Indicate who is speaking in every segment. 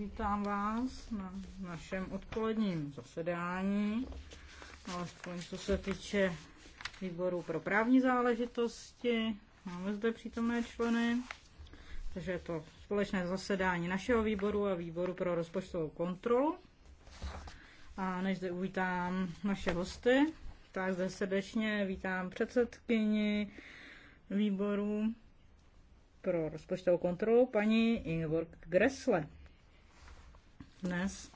Speaker 1: Vítám vás na našem odpoledním zasedání, alespoň co se týče výboru pro právní záležitosti. Máme zde přítomné členy, takže je to společné zasedání našeho výboru a výboru pro rozpočtovou kontrolu. A než zde uvítám naše hosty, tak zde srdečně vítám předsedkyni výboru pro rozpočtovou kontrolu paní Ingeborg Gressle. Dnes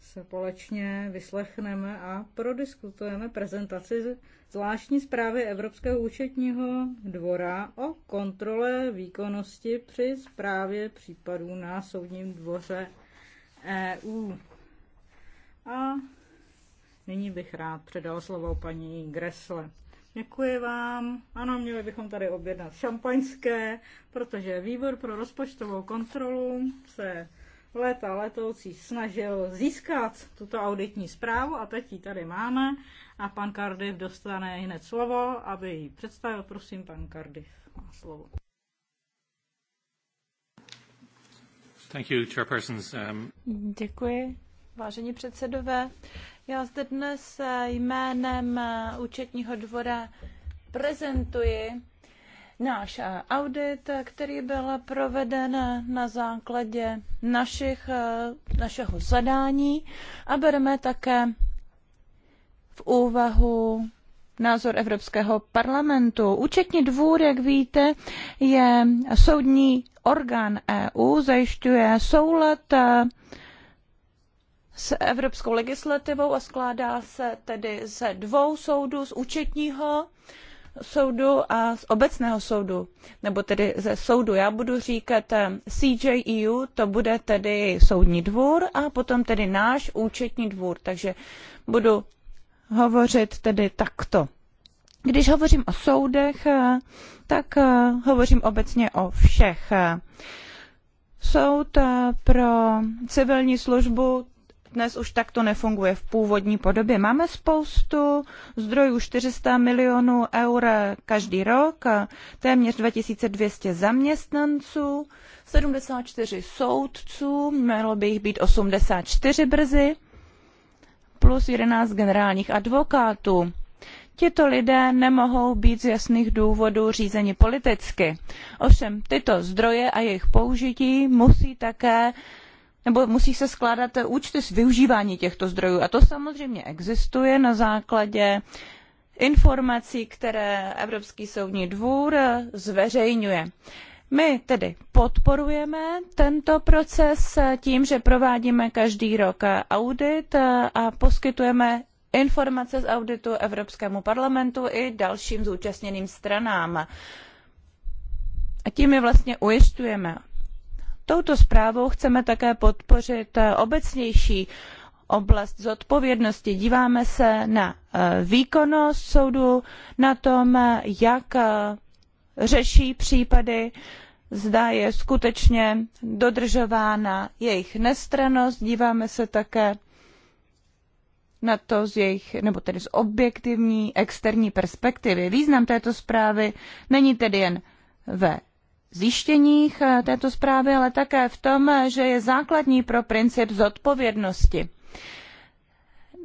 Speaker 1: se společně vyslechneme a prodiskutujeme prezentaci zvláštní zprávy Evropského účetního dvora o kontrole výkonnosti při zprávě případů na soudním dvoře EU. A nyní bych rád předal slovo paní Gresle. Děkuji vám. Ano, měli bychom tady objednat šampaňské, protože výbor pro rozpočtovou kontrolu se léta letoucí snažil získat tuto auditní zprávu a teď ji tady máme a pan Cardiff dostane hned slovo, aby ji představil. Prosím, pan Cardiff má slovo.
Speaker 2: Thank you, chairpersons. Um... Děkuji, vážení předsedové. Já zde dnes eh, jménem eh, účetního dvora prezentuji náš eh, audit, eh, který byl proveden eh, na základě našich, našeho zadání a bereme také v úvahu názor Evropského parlamentu. Účetní dvůr, jak víte, je soudní orgán EU, zajišťuje soulad s evropskou legislativou a skládá se tedy ze dvou soudů, z účetního soudu a z obecného soudu, nebo tedy ze soudu. Já budu říkat eh, CJEU, to bude tedy soudní dvůr a potom tedy náš účetní dvůr, takže budu hovořit tedy takto. Když hovořím o soudech, eh, tak eh, hovořím obecně o všech. Soud pro civilní službu dnes už takto nefunguje v původní podobě. Máme spoustu zdrojů, 400 milionů eur každý rok, téměř 2200 zaměstnanců, 74 soudců, mělo by jich být 84 brzy, plus 11 generálních advokátů. Tito lidé nemohou být z jasných důvodů řízeni politicky. Ovšem tyto zdroje a jejich použití musí také nebo musí se skládat eh, účty z využívání těchto zdrojů. A to samozřejmě existuje na základě informací, které Evropský soudní dvůr eh, zveřejňuje. My tedy podporujeme tento proces eh, tím, že provádíme každý rok audit a poskytujeme informace z auditu Evropskému parlamentu i dalším zúčastněným stranám. A tím je vlastně ujišťujeme touto zprávou chceme také podpořit eh, obecnější oblast zodpovědnosti. Díváme se na eh, výkonnost soudu, na to, eh, jak řeší případy, zda je skutečně dodržována jejich nestrannost. Díváme se také na to z jejich, nebo tedy z objektivní externí perspektivy. Význam této zprávy není tedy jen ve zjištěních eh, této zprávy, ale také v tom, eh, že je základní pro princip zodpovědnosti.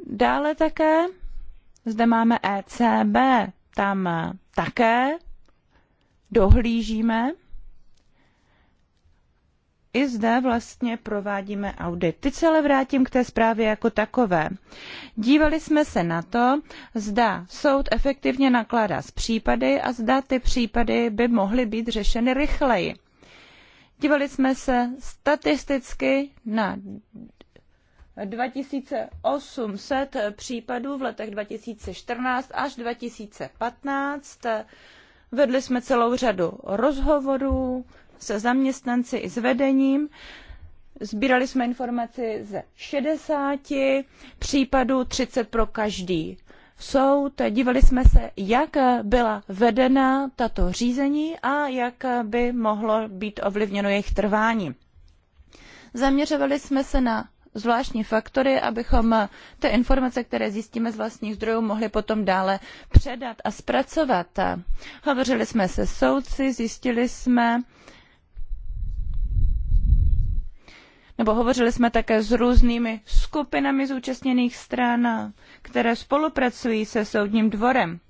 Speaker 2: Dále také zde máme ECB, tam eh, také dohlížíme i zde vlastně provádíme audit. Teď se ale vrátím k té zprávě jako takové. Dívali jsme se na to, zda soud efektivně nakládá s případy a zda ty případy by mohly být řešeny rychleji. Dívali jsme se statisticky na 2800 případů v letech 2014 až 2015. Vedli jsme celou řadu rozhovorů, se zaměstnanci i s vedením. Sbírali jsme informaci ze 60 případů, 30 pro každý soud. Dívali jsme se, jak byla vedena tato řízení a jak by mohlo být ovlivněno jejich trvání. Zaměřovali jsme se na zvláštní faktory, abychom ty informace, které zjistíme z vlastních zdrojů, mohli potom dále předat a zpracovat. Hovořili jsme se soudci, zjistili jsme, nebo hovořili jsme také s různými skupinami zúčastněných stran, které spolupracují se soudním dvorem.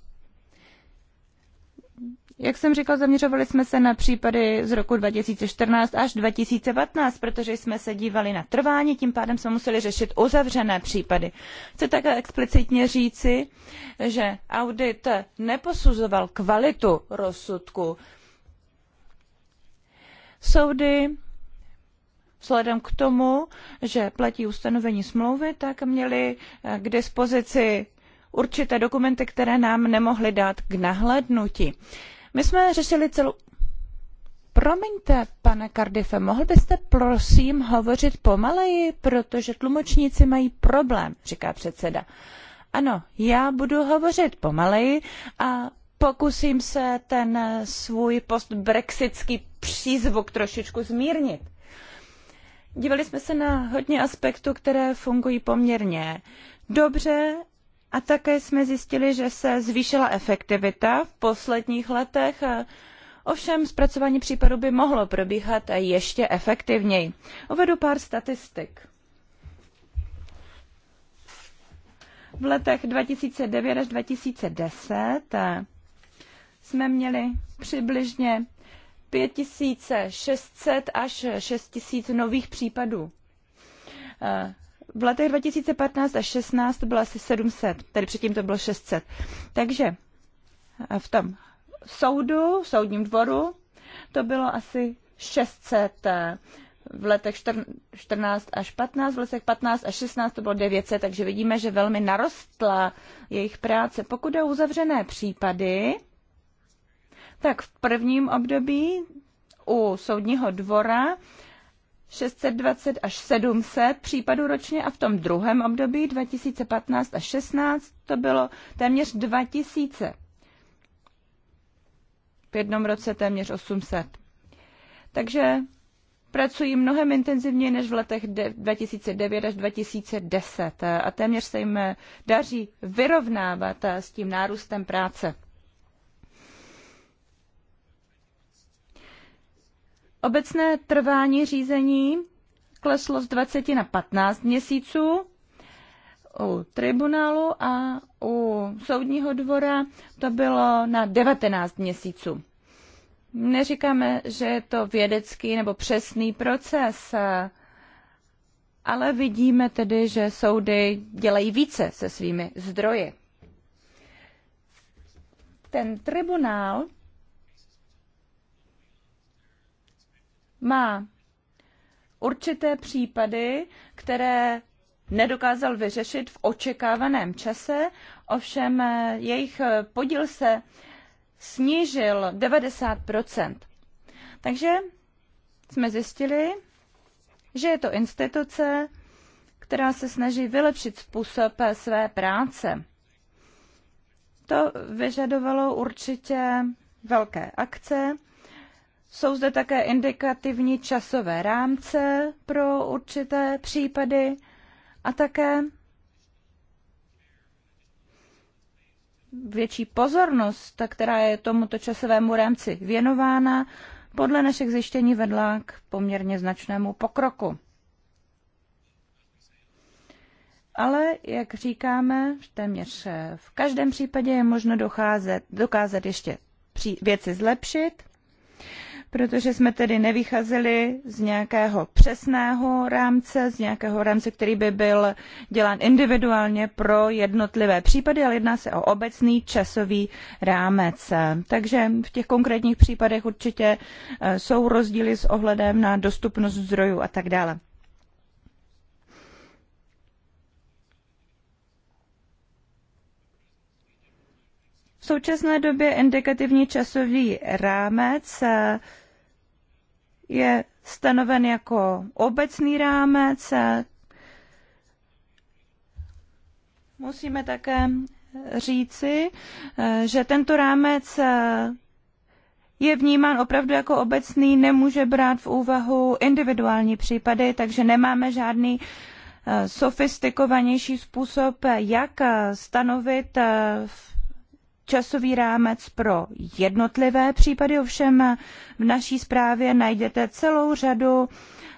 Speaker 2: Jak jsem říkal, zaměřovali jsme se na případy z roku 2014 až 2015, protože jsme se dívali na trvání, tím pádem jsme museli řešit uzavřené případy. Chci také explicitně říci, že audit neposuzoval kvalitu rozsudku. Soudy vzhledem k tomu, že platí ustanovení smlouvy, tak měli eh, k dispozici určité dokumenty, které nám nemohli dát k nahlédnutí. My jsme řešili celou... Promiňte, pane Cardiffe, mohl byste prosím hovořit pomaleji, protože tlumočníci mají problém, říká předseda. Ano, já budu hovořit pomaleji a pokusím se ten eh, svůj postbrexitský přízvuk trošičku zmírnit. Dívali jsme se na hodně aspektů, které fungují poměrně dobře a také jsme zjistili, že se zvýšila efektivita v posledních letech. Ovšem zpracování případů by mohlo probíhat ještě efektivněji. Uvedu pár statistik. V letech 2009 až 2010 jsme měli přibližně 600 až 6 000 nových případů. Eh, v letech 2015 až 16 to bylo asi 700, tedy předtím to bylo 600. Takže eh, v tom soudu, v soudním dvoru, to bylo asi 600 eh, v letech 14 až 15, v letech 15 až 16 to bylo 900, takže vidíme, že velmi narostla jejich práce. Pokud je uzavřené případy, tak v prvním období u soudního dvora 620 až 700 případů ročně a v tom druhém období 2015 až 16 to bylo téměř 2000. V jednom roce téměř 800. Takže pracují mnohem intenzivněji než v letech 2009 až 2010 a téměř se jim daří vyrovnávat s tím nárůstem práce. Obecné trvání řízení kleslo z 20 na 15 měsíců u tribunálu a u soudního dvora to bylo na 19 měsíců. Neříkáme, že je to vědecký nebo přesný proces, ale vidíme tedy, že soudy dělají více se svými zdroji. Ten tribunál má určité případy, které nedokázal vyřešit v očekávaném čase, ovšem eh, jejich eh, podíl se snížil 90 Takže jsme zjistili, že je to instituce, která se snaží vylepšit způsob eh, své práce. To vyžadovalo určitě velké akce, jsou zde také indikativní časové rámce pro určité případy a také větší pozornost, která je tomuto časovému rámci věnována, podle našich zjištění vedla k poměrně značnému pokroku. Ale, jak říkáme, téměř eh, v každém případě je možno docházet, dokázat ještě věci zlepšit protože jsme tedy nevycházeli z nějakého přesného rámce, z nějakého rámce, který by byl dělán individuálně pro jednotlivé případy, ale jedná se o obecný časový rámec. Takže v těch konkrétních případech určitě e, jsou rozdíly s ohledem na dostupnost zdrojů a tak dále. V současné době indikativní časový rámec e, je stanoven jako obecný rámec. Musíme také říci, že tento rámec je vnímán opravdu jako obecný, nemůže brát v úvahu individuální případy, takže nemáme žádný eh, sofistikovanější způsob, jak eh, stanovit eh, v časový rámec pro jednotlivé případy, ovšem v naší zprávě najdete celou řadu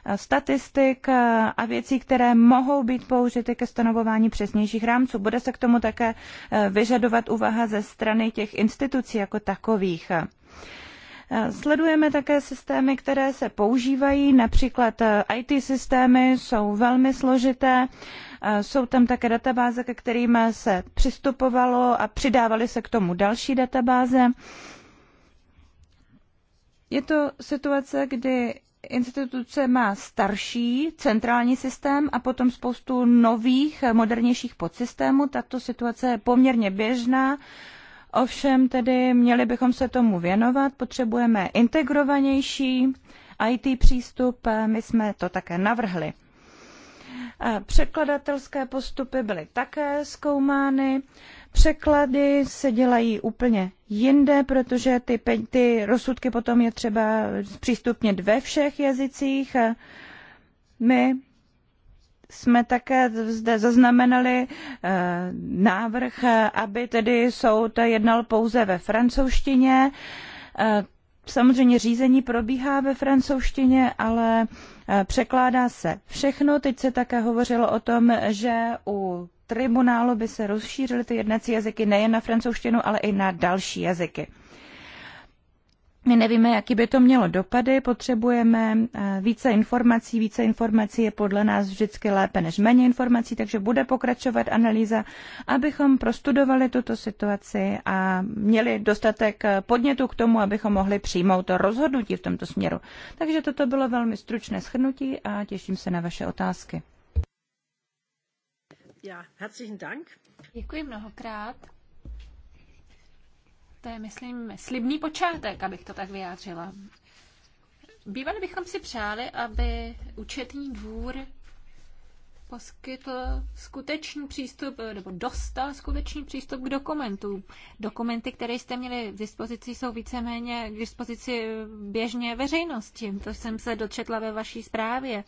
Speaker 2: eh, statistik eh, a věcí, které mohou být použity ke stanovování přesnějších rámců. Bude se k tomu také eh, vyžadovat úvaha ze strany těch institucí jako takových. Sledujeme také systémy, které se používají, například IT systémy jsou velmi složité jsou tam také databáze, ke kterým se přistupovalo a přidávaly se k tomu další databáze. Je to situace, kdy instituce má starší centrální systém a potom spoustu nových, modernějších podsystémů. Tato situace je poměrně běžná. Ovšem tedy měli bychom se tomu věnovat, potřebujeme integrovanější IT přístup, my jsme to také navrhli. Překladatelské postupy byly také zkoumány. Překlady se dělají úplně jinde, protože ty, ty rozsudky potom je třeba zpřístupnit ve všech jazycích. My jsme také zde zaznamenali e, návrh, aby tedy soud jednal pouze ve francouzštině. E, Samozřejmě řízení probíhá ve francouzštině, ale eh, překládá se všechno. Teď se také hovořilo o tom, že u tribunálu by se rozšířily ty jednací jazyky nejen na francouzštinu, ale i na další jazyky. My nevíme, jaký by to mělo dopady, potřebujeme eh, více informací, více informací je podle nás vždycky lépe než méně informací, takže bude pokračovat analýza, abychom prostudovali tuto situaci a měli dostatek eh, podnětu k tomu, abychom mohli přijmout to rozhodnutí v tomto směru. Takže toto bylo velmi stručné shrnutí a těším se na vaše otázky.
Speaker 3: Ja,
Speaker 1: herzlichen Dank.
Speaker 3: Děkuji mnohokrát. To je, myslím, slibný počátek, abych to tak vyjádřila. Bývali bychom si přáli, aby účetní dvůr poskytl skutečný přístup, nebo dostal skutečný přístup k dokumentům. Dokumenty, které jste měli v dispozici, jsou víceméně k dispozici běžně veřejnosti. To jsem se dočetla ve vaší zprávě.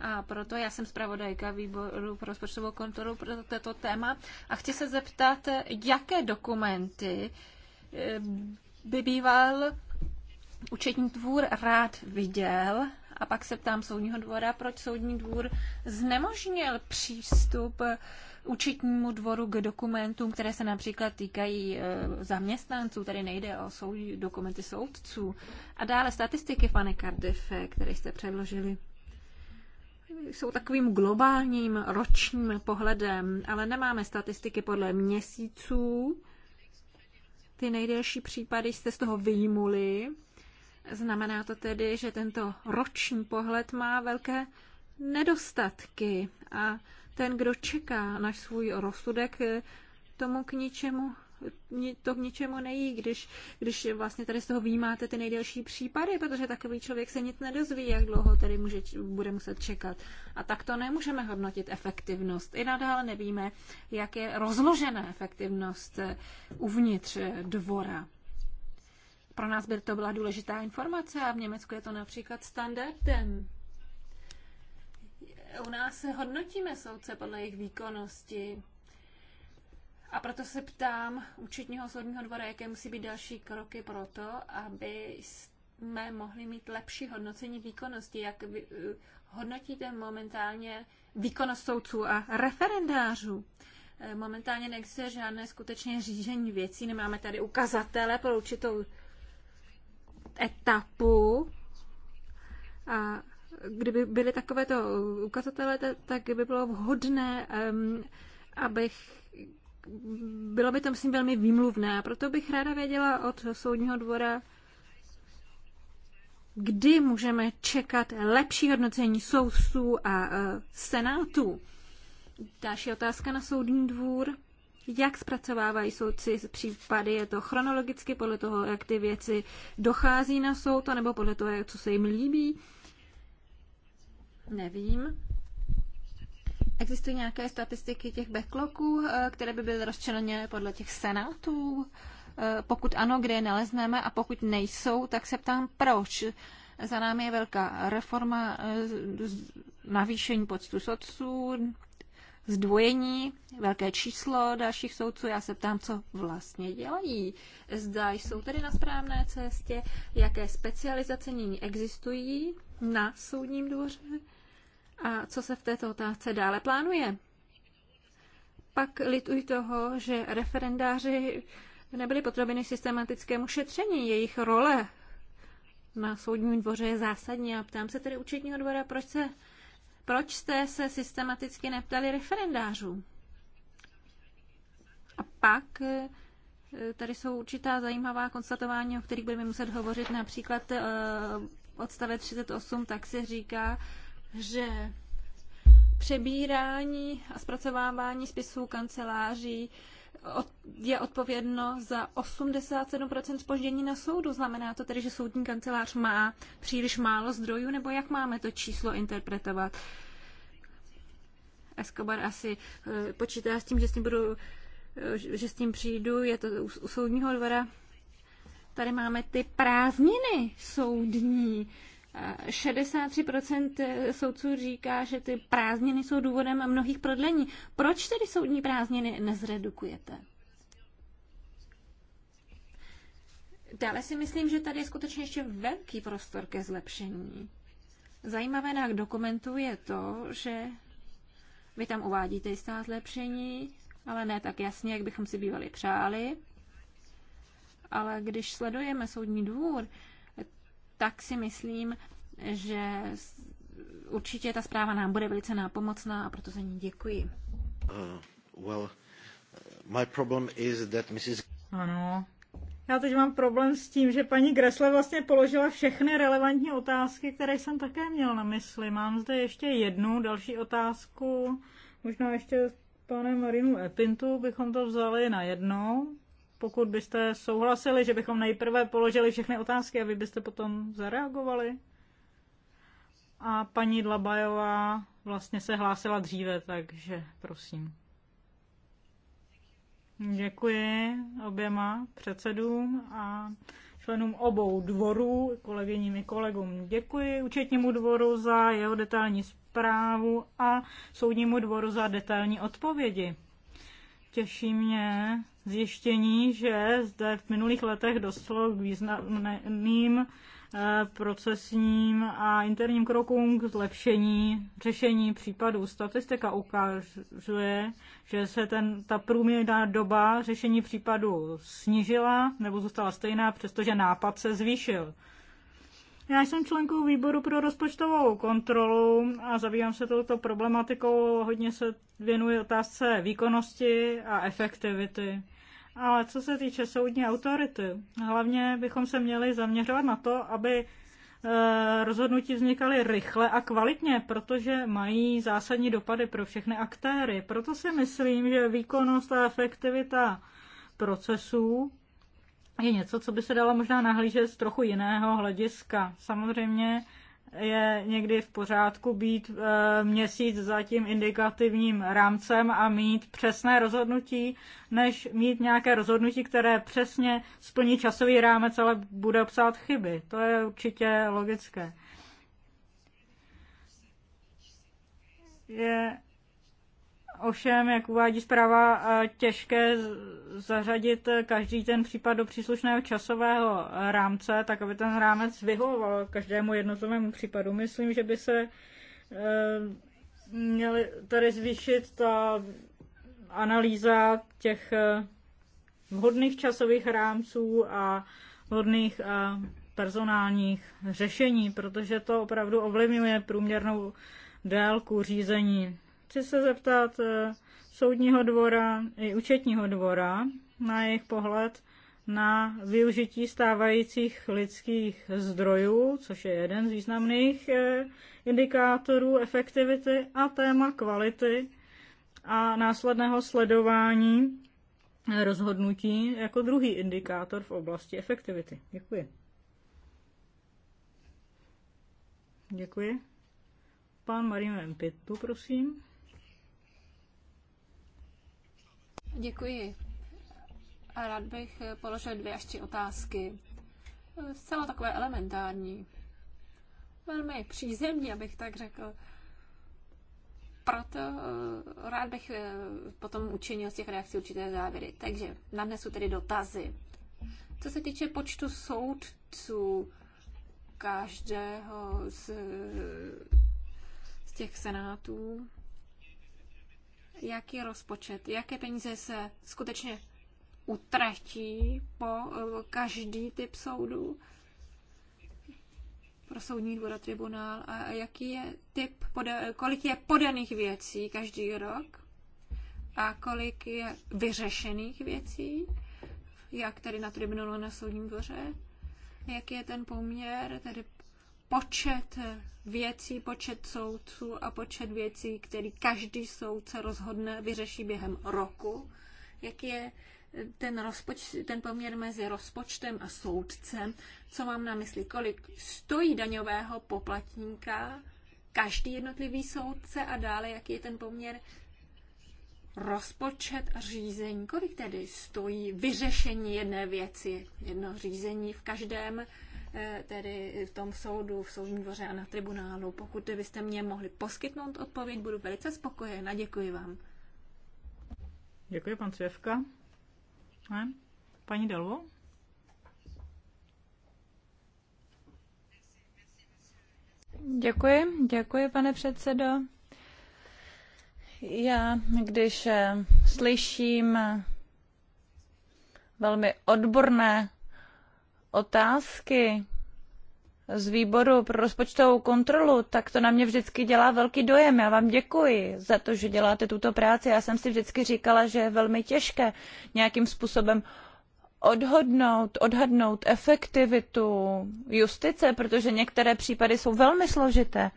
Speaker 3: A proto já jsem zpravodajka výboru pro rozpočtovou kontrolu pro toto téma a chci se zeptat, jaké dokumenty by býval účetní dvůr rád viděl, a pak se ptám soudního dvora, proč soudní dvůr znemožnil přístup účetnímu dvoru k dokumentům, které se například týkají e, zaměstnanců, tady nejde o soud, dokumenty soudců. A dále statistiky, pane Cardiffe, které jste předložili, jsou takovým globálním ročním pohledem, ale nemáme statistiky podle měsíců, ty nejdelší případy jste z toho vyjmuli. Znamená to tedy, že tento roční pohled má velké nedostatky a ten, kdo čeká na svůj rozsudek, tomu k ničemu to k ničemu nejí, když, když vlastně tady z toho vnímáte ty nejdelší případy, protože takový člověk se nic nedozví, jak dlouho tady může, bude muset čekat. A tak to nemůžeme hodnotit efektivnost. I nadále nevíme, jak je rozložena efektivnost eh, uvnitř eh, dvora. Pro nás by to byla důležitá informace a v Německu je to například standardem. U nás hodnotíme soudce podle jejich výkonnosti a proto se ptám účetního soudního dvora, jaké musí být další kroky pro to, aby jsme mohli mít lepší hodnocení výkonnosti. Jak vy, eh, hodnotíte momentálně výkonnost soudců a referendářů? Eh, momentálně neexistuje žádné skutečné řízení věcí, nemáme tady ukazatele pro určitou etapu. A kdyby byly takovéto ukazatele, tak by bylo vhodné, abych bylo by to, myslím, velmi výmluvné. Proto bych ráda věděla od soudního dvora, kdy můžeme čekat lepší hodnocení soudců a e, senátů. Další otázka na soudní dvůr. Jak zpracovávají soudci případy? Je to chronologicky podle toho, jak ty věci dochází na soud, nebo podle toho, co se jim líbí? Nevím. Existují nějaké statistiky těch backlogů, eh, které by byly rozčleněné podle těch senátů? Eh, pokud ano, kde je nalezneme a pokud nejsou, tak se ptám, proč? Za námi je velká reforma eh, navýšení počtu soudců, zdvojení, velké číslo dalších soudců. Já se ptám, co vlastně dělají. Zda jsou tedy na správné cestě, jaké specializace nyní existují na soudním dvoře a co se v této otázce dále plánuje. Pak lituji toho, že referendáři nebyli podrobeny systematickému šetření. Jejich role na soudním dvoře je zásadní a ptám se tedy účetního dvora, proč, se, proč jste se systematicky neptali referendářů. A pak eh, tady jsou určitá zajímavá konstatování, o kterých budeme muset hovořit. Například eh, odstavec 38, tak se říká, že přebírání a zpracovávání spisů kanceláří je odpovědno za 87% spoždění na soudu. Znamená to tedy, že soudní kancelář má příliš málo zdrojů, nebo jak máme to číslo interpretovat? Escobar asi eh, počítá s tím, že s tím, budu, eh, že s tím přijdu, je to u soudního dvora. Tady máme ty prázdniny soudní 63% eh, soudců říká, že ty prázdniny jsou důvodem mnohých prodlení. Proč tedy soudní prázdniny nezredukujete? Dále si myslím, že tady je skutečně ještě velký prostor ke zlepšení. Zajímavé na dokumentu je to, že vy tam uvádíte jistá zlepšení, ale ne tak jasně, jak bychom si bývali přáli. Ale když sledujeme soudní dvůr, tak si myslím, že určitě ta zpráva nám bude velice nápomocná a proto za ní děkuji. Uh, well, uh, my problem is that Mrs.
Speaker 1: Ano. Já teď mám problém s tím, že paní Gressle vlastně položila všechny relevantní otázky, které jsem také měl na mysli. Mám zde ještě jednu další otázku. Možná ještě s panem Marinu Epintu bychom to vzali na jednou pokud byste souhlasili, že bychom nejprve položili všechny otázky a vy byste potom zareagovali. A paní Dlabajová vlastně se hlásila dříve, takže prosím. Děkuji oběma předsedům a členům obou dvorů, kolegyním i kolegům. Děkuji účetnímu dvoru za jeho detailní zprávu a soudnímu dvoru za detailní odpovědi. Těší mě zjištění, že zde v minulých letech došlo k významným eh, procesním a interním krokům k zlepšení řešení případů. Statistika ukazuje, že se ten, ta průměrná doba řešení případů snížila nebo zůstala stejná, přestože nápad se zvýšil. Já jsem členkou výboru pro rozpočtovou kontrolu a zabývám se touto problematikou. Hodně se věnuji otázce výkonnosti a efektivity. Ale co se týče soudní autority, hlavně bychom se měli zaměřovat na to, aby e, rozhodnutí vznikaly rychle a kvalitně, protože mají zásadní dopady pro všechny aktéry. Proto si myslím, že výkonnost a efektivita procesů je něco, co by se dalo možná nahlížet z trochu jiného hlediska. Samozřejmě je někdy v pořádku být e, měsíc za tím indikativním rámcem a mít přesné rozhodnutí, než mít nějaké rozhodnutí, které přesně splní časový rámec, ale bude obsát chyby. To je určitě logické. Je Ovšem, jak uvádí zpráva, těžké zařadit každý ten případ do příslušného časového rámce, tak aby ten rámec vyhovoval každému jednotlivému případu. Myslím, že by se e, měly tady zvýšit ta analýza těch e, vhodných časových rámců a vhodných e, personálních řešení, protože to opravdu ovlivňuje průměrnou délku řízení Chci se zeptat eh, soudního dvora i účetního dvora na jejich pohled na využití stávajících lidských zdrojů, což je jeden z významných eh, indikátorů efektivity a téma kvality a následného sledování rozhodnutí jako druhý indikátor v oblasti efektivity. Děkuji. Děkuji. Pan Marino Empitu, prosím.
Speaker 3: Děkuji. A rád bych položil dvě až tři otázky. Zcela takové elementární. Velmi přízemní, abych tak řekl. Proto eh, rád bych eh, potom učinil z těch reakcí určité závěry. Takže nadnesu tedy dotazy. Co se týče počtu soudců, každého z, z těch senátů, jaký rozpočet, jaké peníze se skutečně utratí po eh, každý typ soudu pro soudní dvůr a tribunál a jaký je typ, kolik je podaných věcí každý rok a kolik je vyřešených věcí, jak tedy na tribunálu na soudním dvoře, jaký je ten poměr, tedy počet věcí, počet soudců a počet věcí, který každý soudce rozhodne, vyřeší během roku, jak je ten, rozpoč, ten poměr mezi rozpočtem a soudcem, co mám na mysli, kolik stojí daňového poplatníka každý jednotlivý soudce a dále, jaký je ten poměr rozpočet a řízení. Kolik tedy stojí vyřešení jedné věci, jedno řízení v každém Eh, tedy v tom soudu, v soudním dvoře a na tribunálu. Pokud byste mě mohli poskytnout odpověď, budu velice spokojená. Děkuji vám.
Speaker 1: Děkuji, pan Cvěvka. Ne? Paní Delvo? Děkuji,
Speaker 2: děkuji, pane předsedo. Já, když eh, slyším eh, velmi odborné otázky z výboru pro rozpočtovou kontrolu, tak to na mě vždycky dělá velký dojem. Já vám děkuji za to, že děláte tuto práci. Já jsem si vždycky říkala, že je velmi těžké nějakým způsobem odhodnout, odhadnout efektivitu justice, protože některé případy jsou velmi složité.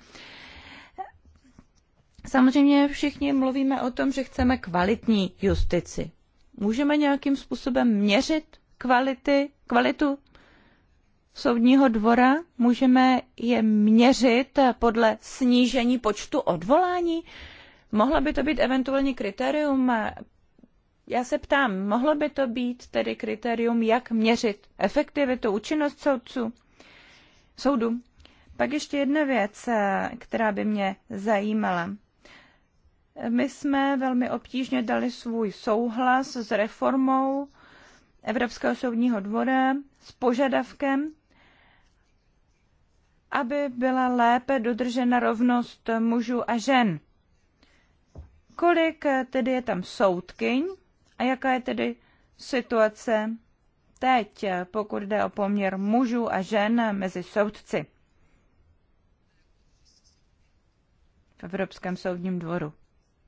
Speaker 2: Samozřejmě všichni mluvíme o tom, že chceme kvalitní justici. Můžeme nějakým způsobem měřit kvality, kvalitu soudního dvora, můžeme je měřit podle snížení počtu odvolání? Mohlo by to být eventuálně kritérium? Já se ptám, mohlo by to být tedy kritérium, jak měřit efektivitu, účinnost soudců, soudu? Pak ještě jedna věc, která by mě zajímala. My jsme velmi obtížně dali svůj souhlas s reformou Evropského soudního dvora s požadavkem, aby byla lépe dodržena rovnost mužů a žen. Kolik eh, tedy je tam soudkyň a jaká je tedy situace teď, eh, pokud jde o poměr mužů a žen eh, mezi soudci v Evropském soudním dvoru?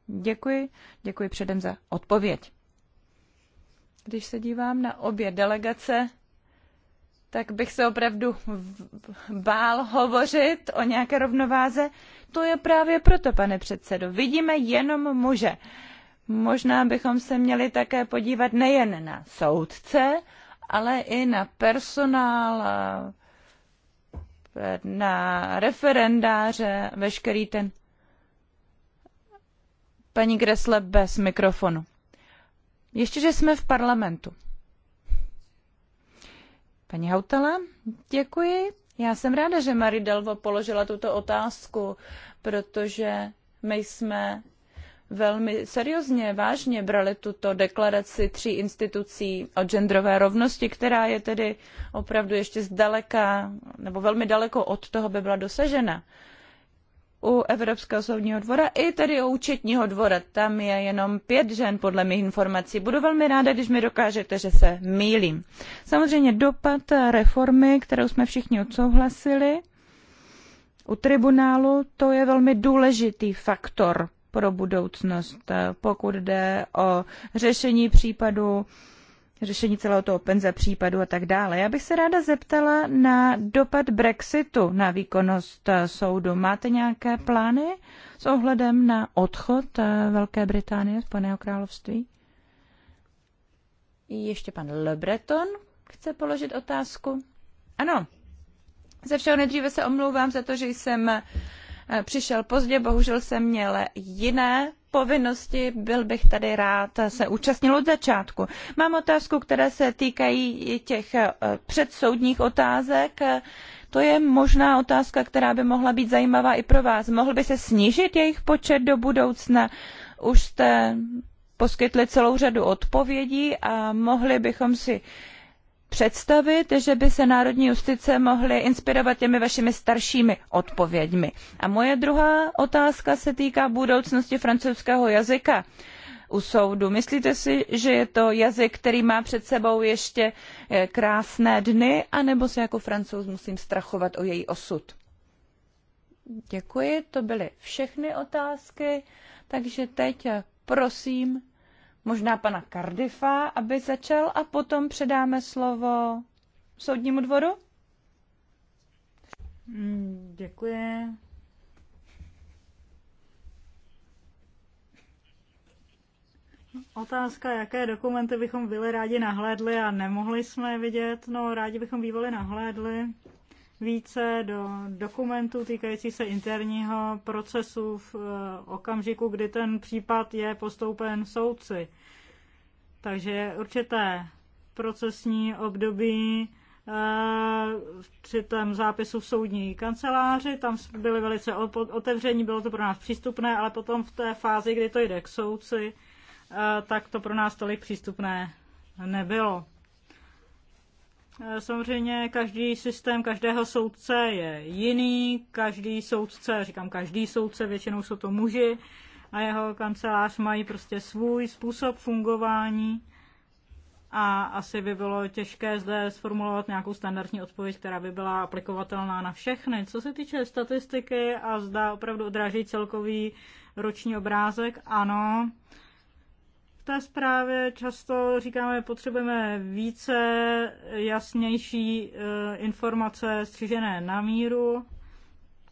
Speaker 2: Děkuji, děkuji předem za odpověď. Když se dívám na obě delegace, tak bych se opravdu bál hovořit o nějaké rovnováze. To je právě proto, pane předsedo. Vidíme jenom muže. Možná bychom se měli také podívat nejen na soudce, ale i na personál, na referendáře, veškerý ten. Paní Gresle bez mikrofonu. Ještě, že jsme v parlamentu. Paní Hautala, děkuji. Já jsem ráda, že Marie Delvo položila tuto otázku, protože my jsme velmi seriózně, vážně brali tuto deklaraci tří institucí o genderové rovnosti, která je tedy opravdu ještě zdaleka nebo velmi daleko od toho, by byla dosažena u Evropského soudního dvora i tedy u účetního dvora. Tam je jenom pět žen podle mých informací. Budu velmi ráda, když mi dokážete, že se mýlím. Samozřejmě dopad reformy, kterou jsme všichni odsouhlasili u tribunálu, to je velmi důležitý faktor pro budoucnost, pokud jde o řešení případu řešení celého toho penze případu a tak dále. Já bych se ráda zeptala na dopad Brexitu na výkonnost eh, soudu. Máte nějaké plány s ohledem na odchod eh, Velké Británie z Spojeného království? Ještě pan Lebreton chce položit otázku. Ano, ze všeho nejdříve se omlouvám za to, že jsem Eh, přišel pozdě, bohužel jsem měl jiné povinnosti, byl bych tady rád se účastnil od začátku. Mám otázku, které se týkají těch eh, předsoudních otázek. To je možná otázka, která by mohla být zajímavá i pro vás. Mohl by se snížit jejich počet do budoucna? Už jste poskytli celou řadu odpovědí a mohli bychom si představit, že by se národní justice mohly inspirovat těmi vašimi staršími odpověďmi. A moje druhá otázka se týká budoucnosti francouzského jazyka u soudu. Myslíte si, že je to jazyk, který má před sebou ještě eh, krásné dny, anebo se jako francouz musím strachovat o její osud? Děkuji, to byly všechny otázky, takže teď eh, prosím možná pana Cardiffa, aby začal a potom předáme slovo soudnímu dvoru? Hmm, děkuji.
Speaker 1: Otázka, jaké dokumenty bychom byli rádi nahlédli a nemohli jsme je vidět. No, rádi bychom bývali nahlédli více do dokumentů týkající se interního procesu v eh, okamžiku, kdy ten případ je postoupen soudci. Takže určité procesní období eh, při tom zápisu v soudní kanceláři, tam byly velice otevření, bylo to pro nás přístupné, ale potom v té fázi, kdy to jde k soudci, eh, tak to pro nás tolik přístupné nebylo. Eh, samozřejmě každý systém každého soudce je jiný, každý soudce, říkám každý soudce, většinou jsou to muži a jeho kancelář mají prostě svůj způsob fungování a asi by bylo těžké zde sformulovat nějakou standardní odpověď, která by byla aplikovatelná na všechny. Co se týče statistiky a zda opravdu odráží celkový roční obrázek, ano, v té zprávě často říkáme, potřebujeme více jasnější eh, informace střížené na míru,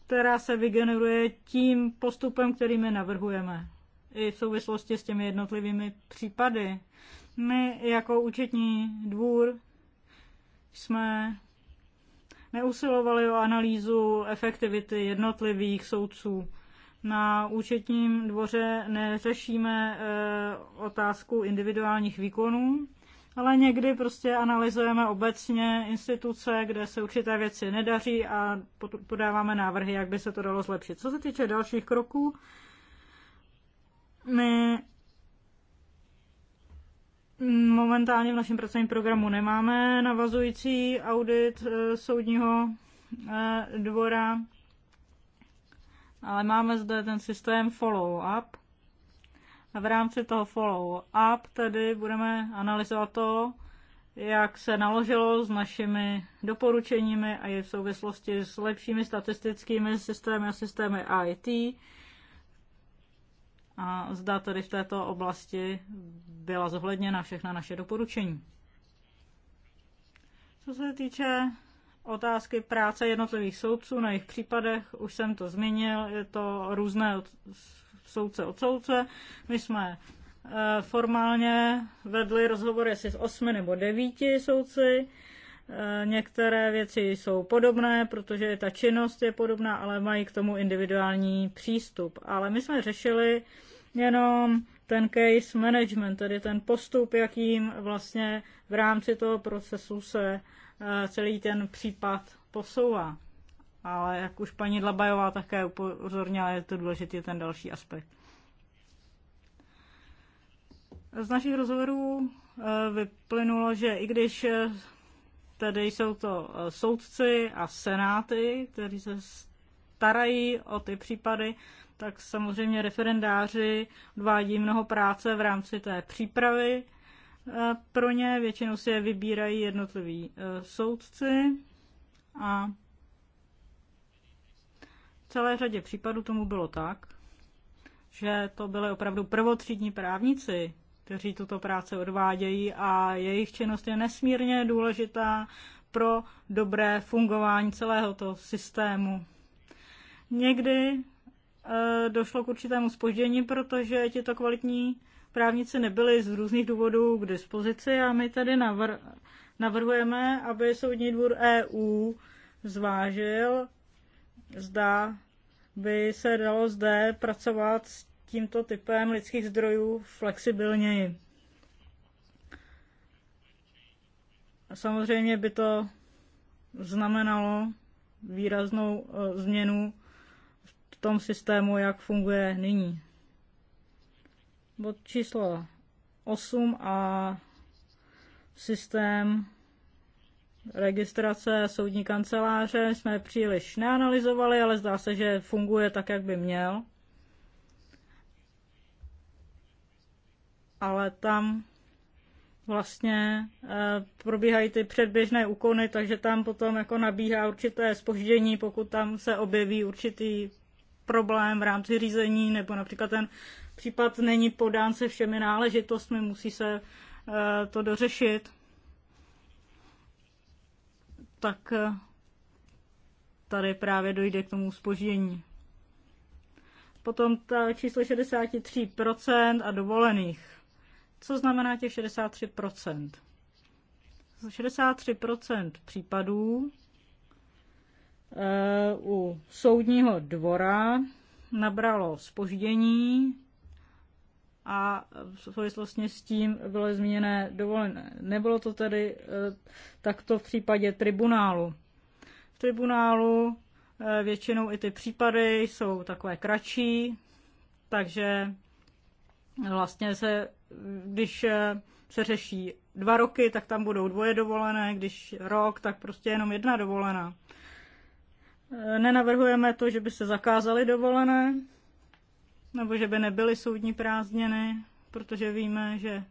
Speaker 1: která se vygeneruje tím postupem, který my navrhujeme. I v souvislosti s těmi jednotlivými případy. My jako účetní dvůr jsme neusilovali o analýzu efektivity jednotlivých soudců na účetním dvoře neřešíme eh, otázku individuálních výkonů, ale někdy prostě analyzujeme obecně instituce, kde se určité věci nedaří a podáváme návrhy, jak by se to dalo zlepšit. Co se týče dalších kroků, my momentálně v našem pracovním programu nemáme navazující audit eh, soudního eh, dvora ale máme zde ten systém follow-up. A v rámci toho follow-up tedy budeme analyzovat to, jak se naložilo s našimi doporučeními a je v souvislosti s lepšími statistickými systémy a systémy IT. A zda tedy v této oblasti byla zohledněna všechna naše doporučení. Co se týče otázky práce jednotlivých soudců na jejich případech, už jsem to zmínil, je to různé od soudce od soudce. My jsme e, formálně vedli rozhovory asi s osmi nebo devíti soudci. E, některé věci jsou podobné, protože ta činnost je podobná, ale mají k tomu individuální přístup. Ale my jsme řešili jenom ten case management, tedy ten postup, jakým vlastně v rámci toho procesu se Eh, celý ten případ posouvá. Ale jak už paní Dlabajová také upozornila, je to důležitý ten další aspekt. Z našich rozhovorů eh, vyplynulo, že i když eh, tedy jsou to soudci a senáty, kteří se starají o ty případy, tak samozřejmě referendáři odvádí mnoho práce v rámci té přípravy pro ně, většinou si je vybírají jednotliví e, soudci a v celé řadě případů tomu bylo tak, že to byly opravdu prvotřídní právníci, kteří tuto práci odvádějí a jejich činnost je nesmírně důležitá pro dobré fungování celého toho systému. Někdy e, došlo k určitému spoždění, protože tito kvalitní právníci nebyli z různých důvodů k dispozici a my tady navr- navrhujeme, aby Soudní dvůr EU zvážil, zda by se dalo zde pracovat s tímto typem lidských zdrojů flexibilněji. Samozřejmě by to znamenalo výraznou e, změnu v tom systému, jak funguje nyní. Bod číslo 8 a systém registrace soudní kanceláře jsme příliš neanalyzovali, ale zdá se, že funguje tak, jak by měl. Ale tam vlastně eh, probíhají ty předběžné úkony, takže tam potom jako nabíhá určité spoždění, pokud tam se objeví určitý problém v rámci řízení, nebo například ten případ není podán se všemi náležitostmi, musí se eh, to dořešit, tak eh, tady právě dojde k tomu spoždění. Potom ta číslo 63% a dovolených. Co znamená těch 63%? 63% případů eh, u soudního dvora nabralo spoždění a v souvislosti s tím bylo zmíněné dovolené. Nebylo to tedy eh, takto v případě tribunálu. V tribunálu eh, většinou i ty případy jsou takové kratší, takže vlastně se, když eh, se řeší dva roky, tak tam budou dvoje dovolené, když rok, tak prostě jenom jedna dovolená. Nenavrhujeme to, že by se zakázaly dovolené, nebo že by nebyly soudní prázdniny, protože víme, že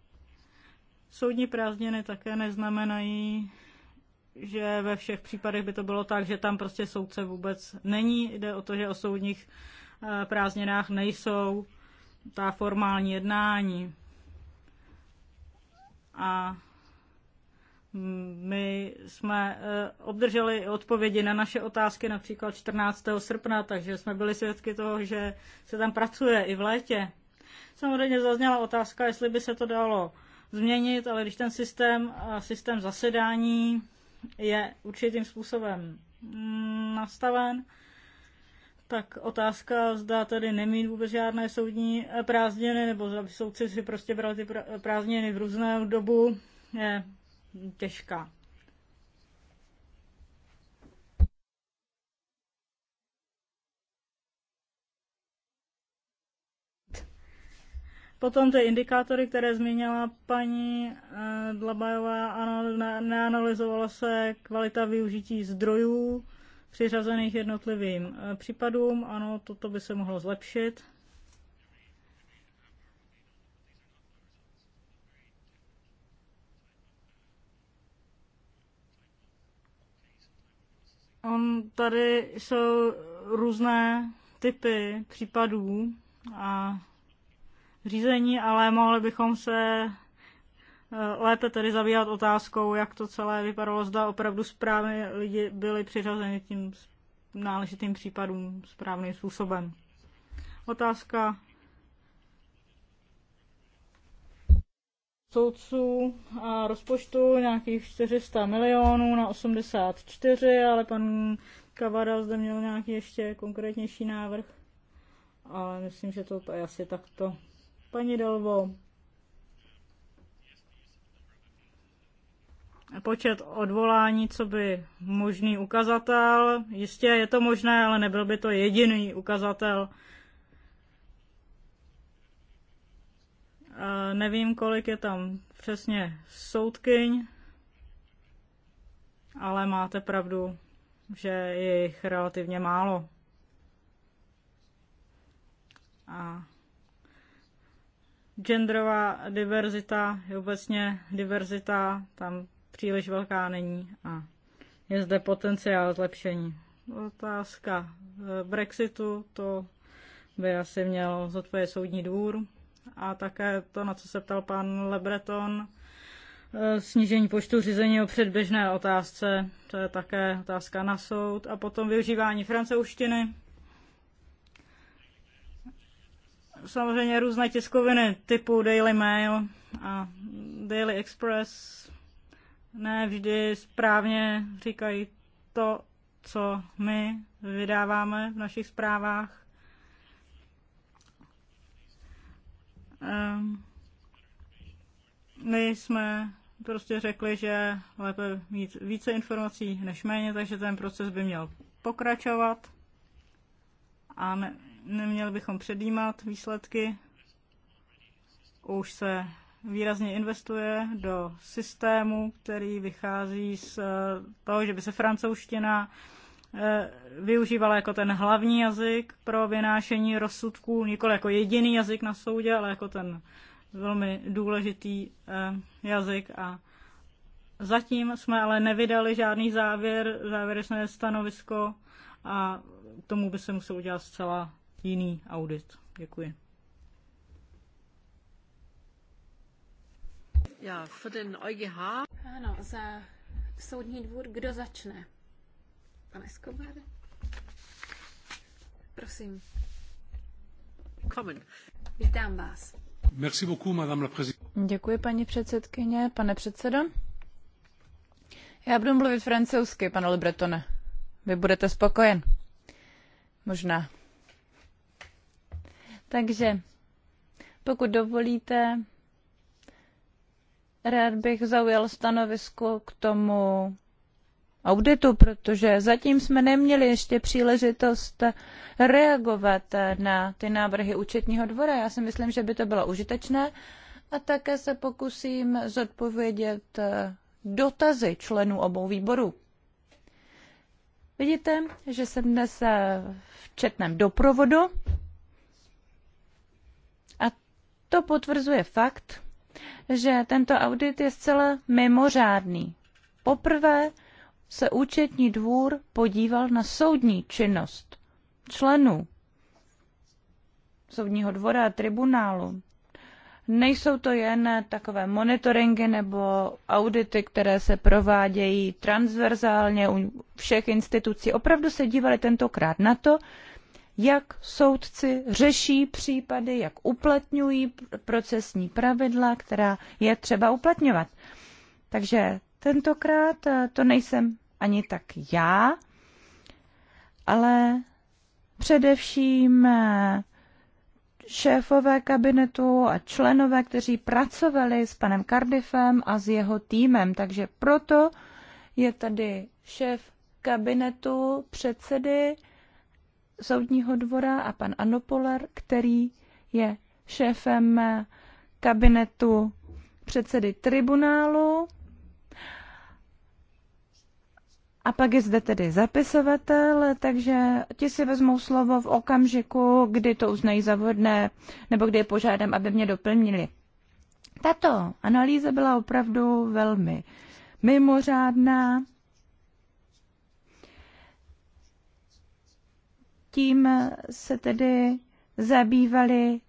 Speaker 1: soudní prázdniny také neznamenají, že ve všech případech by to bylo tak, že tam prostě soudce vůbec není. Jde o to, že o soudních eh, prázdninách nejsou ta formální jednání. A my jsme e, obdrželi odpovědi na naše otázky například 14. srpna, takže jsme byli svědky toho, že se tam pracuje i v létě. Samozřejmě zazněla otázka, jestli by se to dalo změnit, ale když ten systém, systém zasedání je určitým způsobem mm, nastaven, tak otázka, zda tady nemít vůbec žádné soudní prázdniny, nebo zda by soudci si prostě brali ty prázdniny v různé dobu, je těžká. Potom ty indikátory, které zmínila paní eh, Dlabajová, ano, neanalyzovala se kvalita využití zdrojů přiřazených jednotlivým eh, případům. Ano, toto by se mohlo zlepšit. On tady jsou různé typy případů a řízení, ale mohli bychom se eh, lépe tedy zabývat otázkou, jak to celé vypadalo, zda opravdu správně lidi byli přiřazeni tím náležitým případům správným způsobem. Otázka soudců a rozpočtu nějakých 400 milionů na 84, ale pan Kavada zde měl nějaký ještě konkrétnější návrh. Ale myslím, že to je asi takto. Paní Delvo, počet odvolání, co by možný ukazatel. Jistě je to možné, ale nebyl by to jediný ukazatel Nevím, kolik je tam přesně soudkyň, ale máte pravdu, že je jich relativně málo. A genderová diverzita, je obecně diverzita tam příliš velká není a je zde potenciál zlepšení. Otázka e, Brexitu, to by asi měl zodpovědět soudní dvůr a také to, na co se ptal pan Lebreton, eh, snížení počtu řízení o předběžné otázce, to je také otázka na soud, a potom využívání francouzštiny. Samozřejmě různé tiskoviny typu Daily Mail a Daily Express ne vždy správně říkají to, co my vydáváme v našich zprávách. Ehm, my jsme prostě řekli, že lépe mít více informací než méně, takže ten proces by měl pokračovat a ne, neměli bychom předjímat výsledky. Už se výrazně investuje do systému, který vychází z toho, že by se francouzština Eh, využívala jako ten hlavní jazyk pro vynášení rozsudků, nikoli jako jediný jazyk na soudě, ale jako ten velmi důležitý eh, jazyk a zatím jsme ale nevydali žádný závěr, závěrečné stanovisko a tomu by se musel udělat zcela jiný audit. Děkuji.
Speaker 3: Já, für den EuGH. Ano, za soudní dvůr, kdo začne? Pane Escobar. Prosím. Common. Vítám vás. Merci beaucoup, madame la
Speaker 2: Děkuji, paní předsedkyně. Pane předsedo. Já budu mluvit francouzsky, pane Lebretone. Vy budete spokojen. Možná. Takže, pokud dovolíte, rád bych zaujal stanovisko k tomu auditu, protože zatím jsme neměli ještě příležitost reagovat na ty návrhy účetního dvora. Já si myslím, že by to bylo užitečné a také se pokusím zodpovědět dotazy členů obou výborů. Vidíte, že jsem dnes v četném doprovodu a to potvrzuje fakt, že tento audit je zcela mimořádný. Poprvé se účetní dvůr podíval na soudní činnost členů soudního dvora a tribunálu. Nejsou to jen takové monitoringy nebo audity, které se provádějí transverzálně u všech institucí. Opravdu se dívali tentokrát na to, jak soudci řeší případy, jak uplatňují procesní pravidla, která je třeba uplatňovat. Takže Tentokrát eh, to nejsem ani tak já, ale především eh, šéfové kabinetu a členové, kteří pracovali s panem Cardiffem a s jeho týmem. Takže proto je tady šéf kabinetu předsedy soudního dvora a pan Anopoler, který je šéfem eh, kabinetu předsedy tribunálu A pak je zde tedy zapisovatel, takže ti si vezmou slovo v okamžiku, kdy to uznají za vhodné, nebo kdy je požádám, aby mě doplnili. Tato analýza byla opravdu velmi mimořádná. Tím se tedy zabývali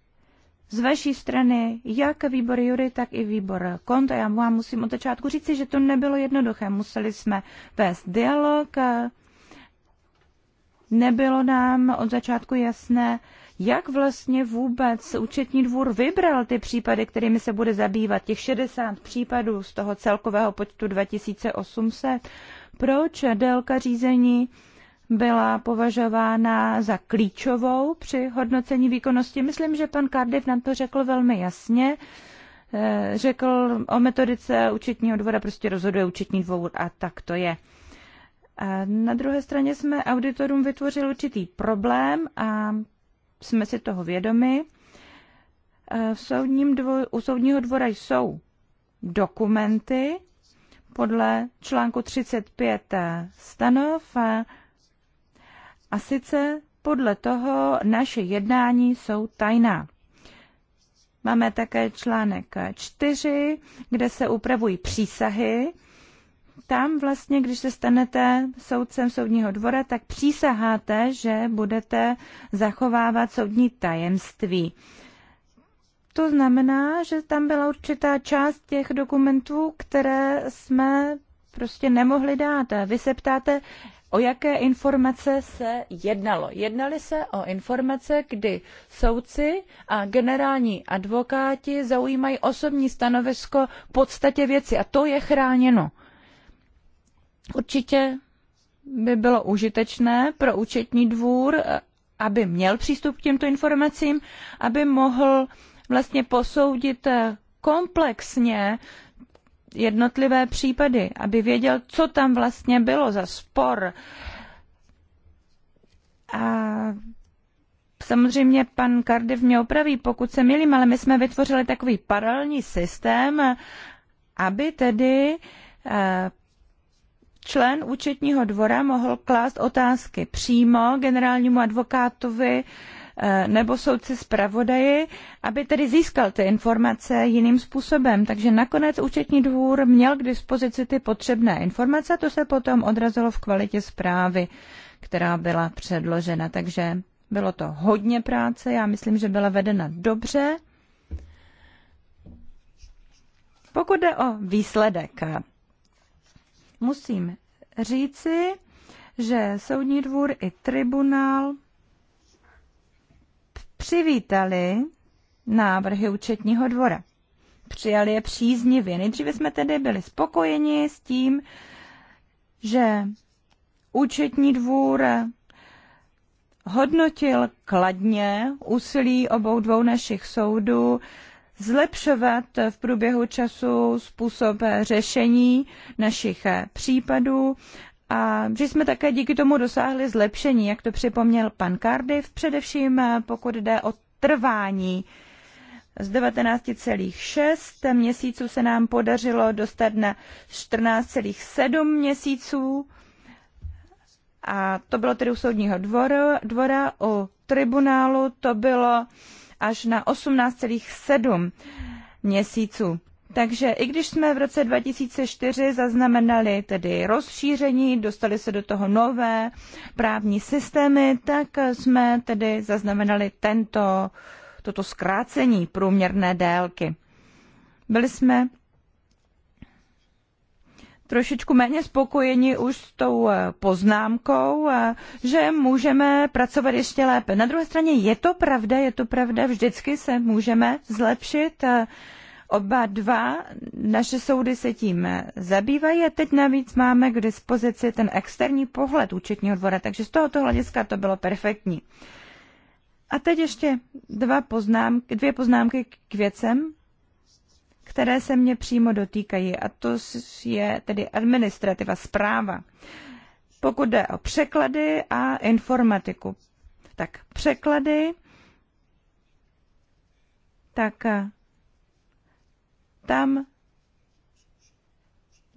Speaker 2: z vaší strany, jak výbor Jury, tak i výbor Konto. Já vám musím od začátku říci, že to nebylo jednoduché. Museli jsme vést dialog. Nebylo nám od začátku jasné, jak vlastně vůbec účetní dvůr vybral ty případy, kterými se bude zabývat, těch 60 případů z toho celkového počtu 2800. Proč délka řízení byla považována za klíčovou při hodnocení výkonnosti. Myslím, že pan Cardiff nám to řekl velmi jasně. Eh, řekl o metodice účetního dvora, prostě rozhoduje účetní dvůr a tak to je. A na druhé straně jsme auditorům vytvořili určitý problém a jsme si toho vědomi. Eh, v soudním dvo, u soudního dvora jsou dokumenty podle článku 35 eh, stanov. A a sice podle toho naše jednání jsou tajná. Máme také článek 4, kde se upravují přísahy. Tam vlastně, když se stanete soudcem soudního dvora, tak přísaháte, že budete zachovávat soudní tajemství. To znamená, že tam byla určitá část těch dokumentů, které jsme prostě nemohli dát. Vy se ptáte, o jaké informace se jednalo. Jednali se o informace, kdy soudci a generální advokáti zaujímají osobní stanovisko v podstatě věci a to je chráněno. Určitě by bylo užitečné pro účetní dvůr, aby měl přístup k těmto informacím, aby mohl vlastně posoudit eh, komplexně jednotlivé případy, aby věděl, co tam vlastně bylo za spor. A samozřejmě pan Cardiff mě opraví, pokud se milím, ale my jsme vytvořili takový paralelní systém, aby tedy eh, člen účetního dvora mohl klást otázky přímo generálnímu advokátovi Eh, nebo soudci zpravodaji, aby tedy získal ty informace jiným způsobem. Takže nakonec účetní dvůr měl k dispozici ty potřebné informace, to se potom odrazilo v kvalitě zprávy, která byla předložena. Takže bylo to hodně práce, já myslím, že byla vedena dobře. Pokud jde o výsledek, musím říci, že Soudní dvůr i tribunál přivítali návrhy účetního dvora. Přijali je příznivě. Nejdříve jsme tedy byli spokojeni s tím, že účetní dvůr hodnotil kladně úsilí obou dvou našich soudů zlepšovat v průběhu času způsob řešení našich případů a že jsme také díky tomu dosáhli zlepšení, jak to připomněl pan Cardiff, především eh, pokud jde o trvání z 19,6 měsíců se nám podařilo dostat na 14,7 měsíců. A to bylo tedy u soudního dvora, dvora u tribunálu to bylo až na 18,7 měsíců. Takže i když jsme v roce 2004 zaznamenali tedy rozšíření, dostali se do toho nové právní systémy, tak jsme tedy zaznamenali tento, toto zkrácení průměrné délky. Byli jsme trošičku méně spokojeni už s tou eh, poznámkou, eh, že můžeme pracovat ještě lépe. Na druhé straně je to pravda, je to pravda, vždycky se můžeme zlepšit. Eh, Oba dva naše soudy se tím zabývají a teď navíc máme k dispozici ten externí pohled účetního dvora, takže z tohoto hlediska to bylo perfektní. A teď ještě dva poznámky, dvě poznámky k věcem, které se mě přímo dotýkají, a to je tedy administrativa, zpráva. Pokud jde o překlady a informatiku, tak překlady, tak tam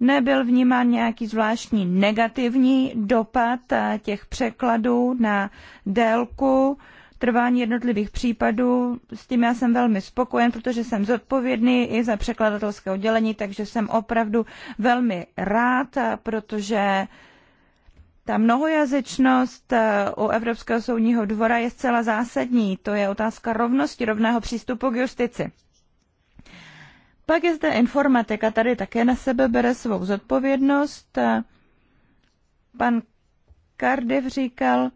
Speaker 2: nebyl vnímán nějaký zvláštní negativní dopad eh, těch překladů na délku trvání jednotlivých případů. S tím já jsem velmi spokojen, protože jsem zodpovědný i za překladatelské oddělení, takže jsem opravdu velmi rád, eh, protože ta mnohojazyčnost eh, u Evropského soudního dvora je zcela zásadní. To je otázka rovnosti, rovného přístupu k justici. Pak je zde informatika, tady také na sebe bere svou zodpovědnost. Pan Cardiff říkal,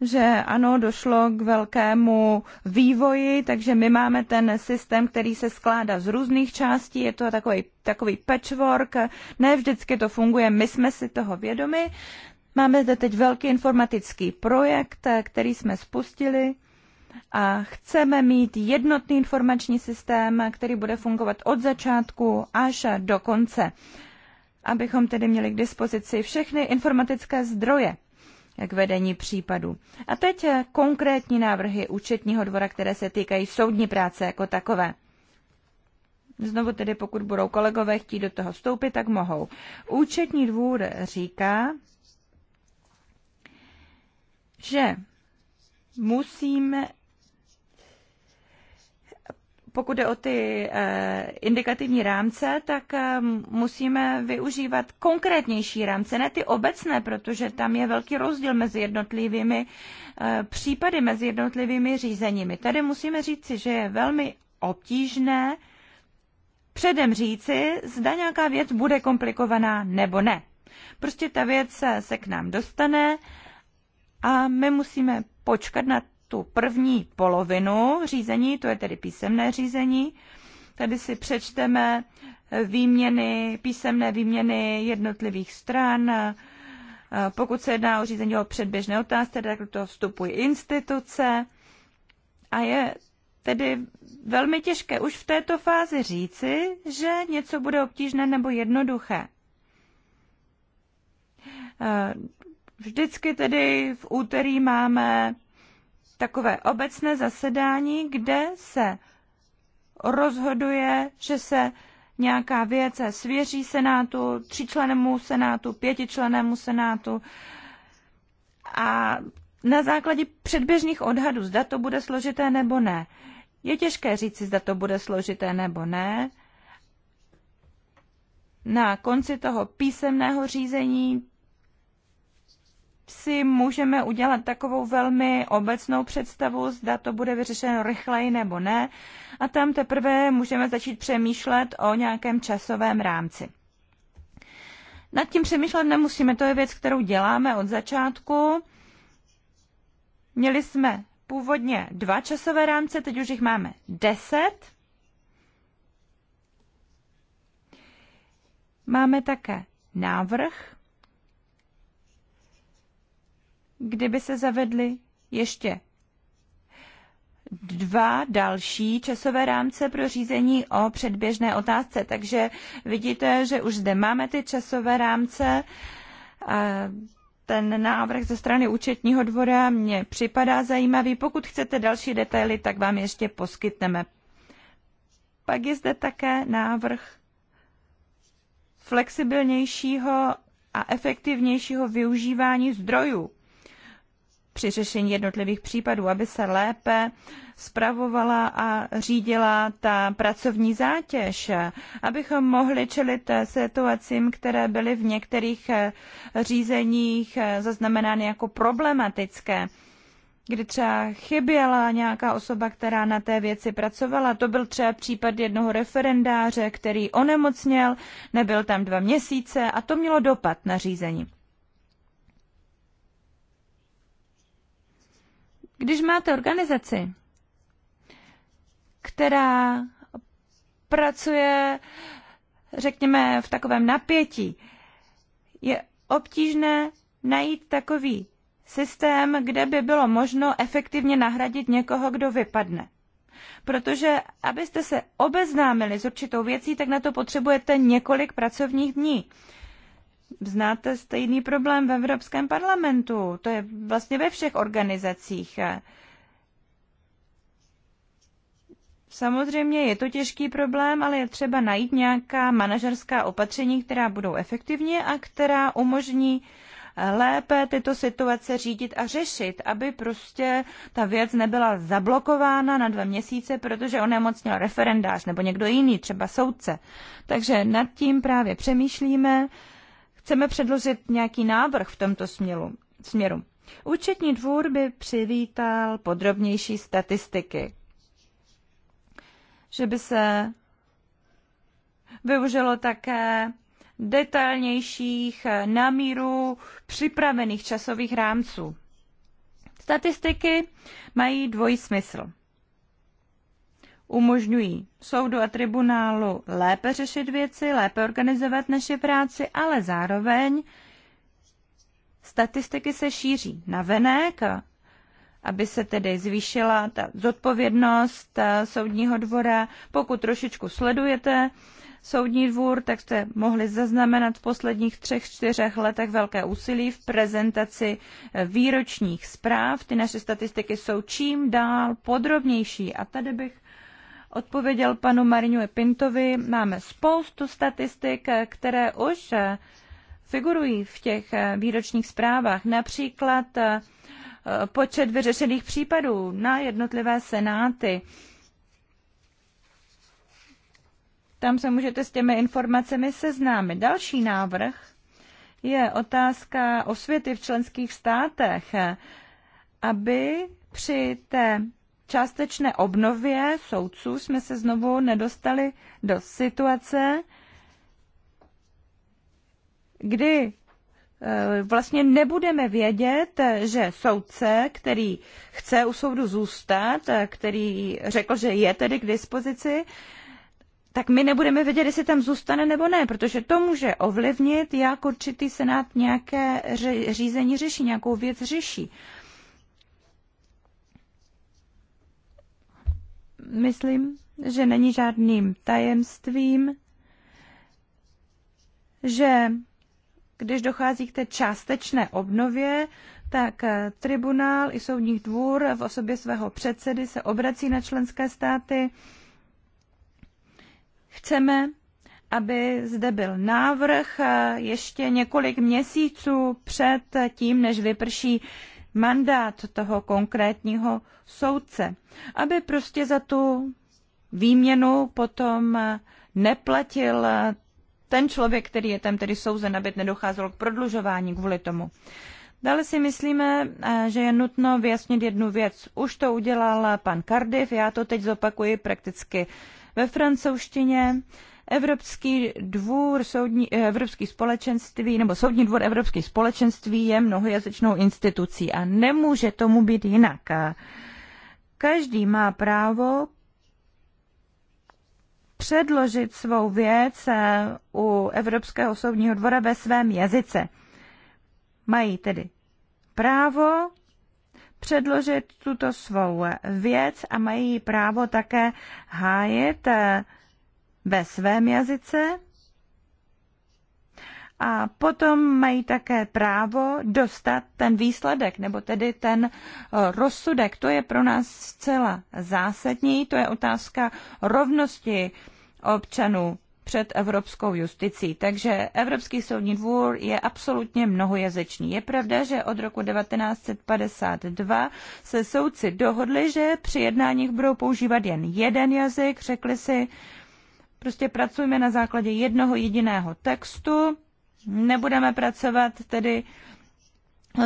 Speaker 2: že ano, došlo k velkému vývoji, takže my máme ten systém, který se skládá z různých částí, je to takový, takový patchwork, ne vždycky to funguje, my jsme si toho vědomi. Máme zde teď velký informatický projekt, který jsme spustili a chceme mít jednotný informační systém, který bude fungovat od začátku až do konce, abychom tedy měli k dispozici všechny informatické zdroje k vedení případu. A teď konkrétní návrhy účetního dvora, které se týkají soudní práce jako takové. Znovu tedy, pokud budou kolegové chtít do toho vstoupit, tak mohou. Účetní dvůr říká, že musíme pokud jde o ty eh, indikativní rámce, tak eh, musíme využívat konkrétnější rámce, ne ty obecné, protože tam je velký rozdíl mezi jednotlivými eh, případy, mezi jednotlivými řízeními. Tady musíme říci, že je velmi obtížné předem říci, zda nějaká věc bude komplikovaná nebo ne. Prostě ta věc se k nám dostane a my musíme počkat na tu první polovinu řízení, to je tedy písemné řízení. Tady si přečteme výměny, písemné výměny jednotlivých stran. Pokud se jedná o řízení o předběžné otázce, tak to vstupují instituce. A je tedy velmi těžké už v této fázi říci, že něco bude obtížné nebo jednoduché. Vždycky tedy v úterý máme takové obecné zasedání, kde se rozhoduje, že se nějaká věc svěří senátu, tříčlenému senátu, pětičlenému senátu a na základě předběžných odhadů, zda to bude složité nebo ne. Je těžké říci, zda to bude složité nebo ne. Na konci toho písemného řízení si můžeme udělat takovou velmi obecnou představu, zda to bude vyřešeno rychleji nebo ne. A tam teprve můžeme začít přemýšlet o nějakém časovém rámci. Nad tím přemýšlet nemusíme, to je věc, kterou děláme od začátku. Měli jsme původně dva časové rámce, teď už jich máme deset. Máme také návrh kdyby se zavedly ještě dva další časové rámce pro řízení o předběžné otázce. Takže vidíte, že už zde máme ty časové rámce. Ten návrh ze strany účetního dvora mně připadá zajímavý. Pokud chcete další detaily, tak vám ještě poskytneme. Pak je zde také návrh flexibilnějšího a efektivnějšího využívání zdrojů při řešení jednotlivých případů, aby se lépe spravovala a řídila ta pracovní zátěž, abychom mohli čelit situacím, které byly v některých řízeních zaznamenány jako problematické kdy třeba chyběla nějaká osoba, která na té věci pracovala. To byl třeba případ jednoho referendáře, který onemocněl, nebyl tam dva měsíce a to mělo dopad na řízení. Když máte organizaci, která pracuje, řekněme, v takovém napětí, je obtížné najít takový systém, kde by bylo možno efektivně nahradit někoho, kdo vypadne. Protože abyste se obeznámili s určitou věcí, tak na to potřebujete několik pracovních dní znáte stejný problém v Evropském parlamentu. To je vlastně ve všech organizacích. Samozřejmě je to těžký problém, ale je třeba najít nějaká manažerská opatření, která budou efektivní a která umožní eh, lépe tyto situace řídit a řešit, aby prostě ta věc nebyla zablokována na dva měsíce, protože onemocnil referendář nebo někdo jiný, třeba soudce. Takže nad tím právě přemýšlíme. Chceme předložit nějaký návrh v tomto směru. směru. Účetní dvůr by přivítal podrobnější statistiky, že by se využilo také detailnějších namíru připravených časových rámců. Statistiky mají dvojí smysl umožňují soudu a tribunálu lépe řešit věci, lépe organizovat naše práci, ale zároveň statistiky se šíří na venek, aby se tedy zvýšila ta zodpovědnost eh, soudního dvora. Pokud trošičku sledujete soudní dvůr, tak jste mohli zaznamenat v posledních třech, čtyřech letech velké úsilí v prezentaci eh, výročních zpráv. Ty naše statistiky jsou čím dál podrobnější a tady bych odpověděl panu Mariňu Pintovi. Máme spoustu statistik, které už figurují v těch výročních zprávách. Například eh, počet vyřešených případů na jednotlivé senáty. Tam se můžete s těmi informacemi seznámit. Další návrh je otázka osvěty v členských státech, aby při té částečné obnově soudců jsme se znovu nedostali do situace, kdy eh, vlastně nebudeme vědět, že soudce, který chce u soudu zůstat, eh, který řekl, že je tedy k dispozici, tak my nebudeme vědět, jestli tam zůstane nebo ne, protože to může ovlivnit, jak určitý senát nějaké řízení řeší, nějakou věc řeší. myslím, že není žádným tajemstvím, že když dochází k té částečné obnově, tak eh, tribunál i soudní dvůr v osobě svého předsedy se obrací na členské státy. Chceme, aby zde byl návrh eh, ještě několik měsíců před tím, než vyprší mandát toho konkrétního soudce, aby prostě za tu výměnu potom neplatil ten člověk, který je tam tedy souzen, aby nedocházelo k prodlužování kvůli tomu. Dále si myslíme, eh, že je nutno vyjasnit jednu věc. Už to udělal pan Cardiff, já to teď zopakuji prakticky ve francouzštině. Evropský dvůr, soudní, eh, Evropský společenství, nebo Soudní dvůr Evropských společenství je mnohojazyčnou institucí a nemůže tomu být jinak. Každý má právo předložit svou věc eh, u Evropského soudního dvora ve svém jazyce. Mají tedy právo předložit tuto svou věc a mají právo také hájit eh, ve svém jazyce a potom mají také právo dostat ten výsledek, nebo tedy ten eh, rozsudek. To je pro nás zcela zásadní, to je otázka rovnosti občanů před evropskou justicí. Takže Evropský soudní dvůr je absolutně mnohojazyčný. Je pravda, že od roku 1952 se soudci dohodli, že při jednáních budou používat jen jeden jazyk, řekli si, Prostě pracujeme na základě jednoho jediného textu, nebudeme pracovat tedy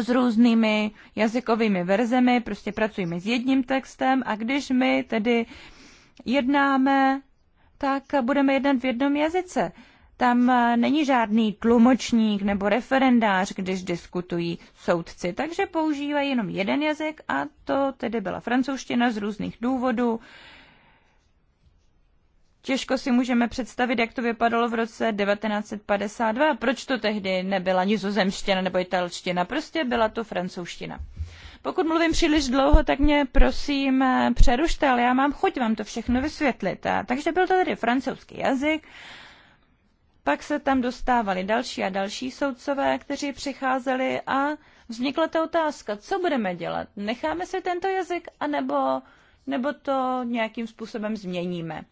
Speaker 2: s různými jazykovými verzemi, prostě pracujeme s jedním textem a když my tedy jednáme, tak budeme jednat v jednom jazyce. Tam není žádný tlumočník nebo referendář, když diskutují soudci, takže používají jenom jeden jazyk a to tedy byla francouzština z různých důvodů. Těžko si můžeme představit, jak to vypadalo v roce 1952. Proč to tehdy nebyla nizozemština nebo italština? Prostě byla to francouzština. Pokud mluvím příliš dlouho, tak mě prosím eh, přerušte, ale já mám chuť vám to všechno vysvětlit. takže byl to tedy francouzský jazyk, pak se tam dostávali další a další soudcové, kteří přicházeli a vznikla ta otázka, co budeme dělat? Necháme si tento jazyk, anebo nebo to nějakým způsobem změníme.